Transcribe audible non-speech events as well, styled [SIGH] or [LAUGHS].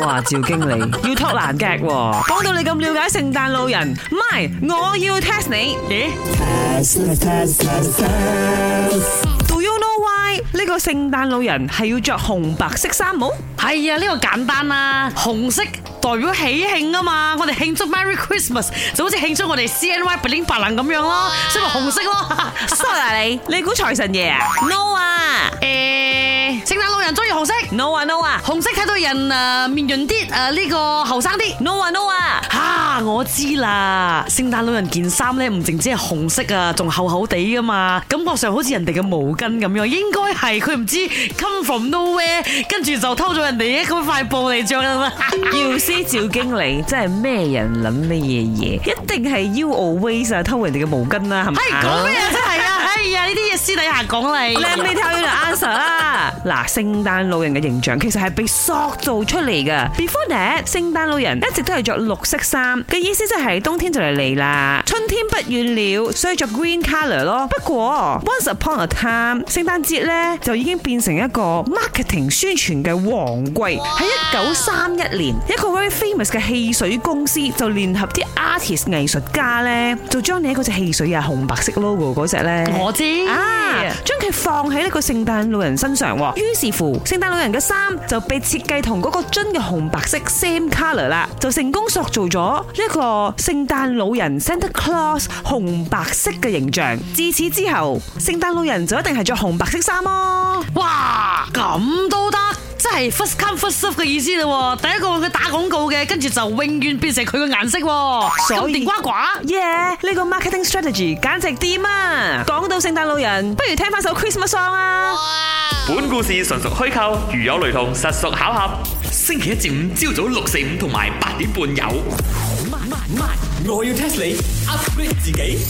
哇趙經理要托難夾喎，講到你咁了解聖誕老人。唔係我要 test 你，咦？Do you know why 呢個聖誕老人係要着紅白色衫帽？係啊，呢個簡單啊，紅色代表喜慶啊嘛，我哋慶祝 Merry Christmas 就好似慶祝我哋 CNY Bring Balan 咁樣咯，所以咪紅色咯。sorry 你，你估財神爺？No 啊，誒人中意紅色？No 啊 No 啊，紅色睇到人啊面潤啲，啊呢個後生啲？No 啊 No 啊，吓我知啦，聖誕老人件衫咧唔淨止係紅色啊，仲厚厚地噶嘛，感覺上好似人哋嘅毛巾咁樣，應該係佢唔知 come from nowhere，跟住就偷咗人哋嗰塊布嚟着啦嘛，姚師趙經理真係咩人諗咩嘢嘢，一定係 you always 偷人哋嘅毛巾啦，係咪？係！講咩啊，真係！係啊！呢啲嘢私底下講嚟。Let [LAUGHS] me tell you the answer 啦。嗱， [LAUGHS] 聖誕老人嘅形象其實係被塑造出嚟噶。Before that，聖誕老人一直都係着綠色衫嘅意思，即係冬天就嚟嚟啦，春天不遠了，所以着 green color 咯。 [LAUGHS] 不過，once upon a time，聖誕節咧就已經變成一個 marketing 宣傳嘅旺季。喺一九三一年，一個 very famous 嘅汽水公司就聯合啲 artist 藝術家咧，就將你嗰隻汽水啊紅白色 logo 嗰隻咧。Wow. 我知啊，將佢放喺呢個聖誕老人身上，於是乎聖誕老人嘅衫就被設計同嗰個樽嘅紅白色 same colour 啦，就成功塑造咗一個聖誕老人 Santa Claus 紅白色嘅形象。自此之後，聖誕老人就一定係着紅白色衫咯。哇，咁都得！即係 first come first serve 嘅意思啦。哦，第一個佢打廣告嘅，跟住就永遠變成佢嘅顏色。哦。閃以電瓜瓜耶，呢 Yeah,、oh. 個 marketing strategy 簡直掂啊！講到聖誕老人，不如聽翻首 Christmas song 啊！Wow. 本故事純屬虛構，如有雷同，實屬巧合。星期一至五朝早六四五同埋八點半有。賣賣賣！我要 test 你，upgrade 自己。